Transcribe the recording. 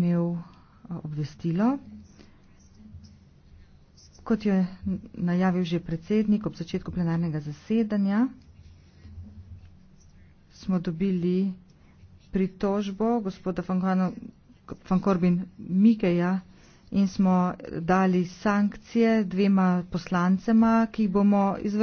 imel obvestilo. Kot je najavil že predsednik ob začetku plenarnega zasedanja, smo dobili pritožbo gospoda Van Korbin Mikeja in smo dali sankcije dvema poslancema, ki jih bomo izvršili.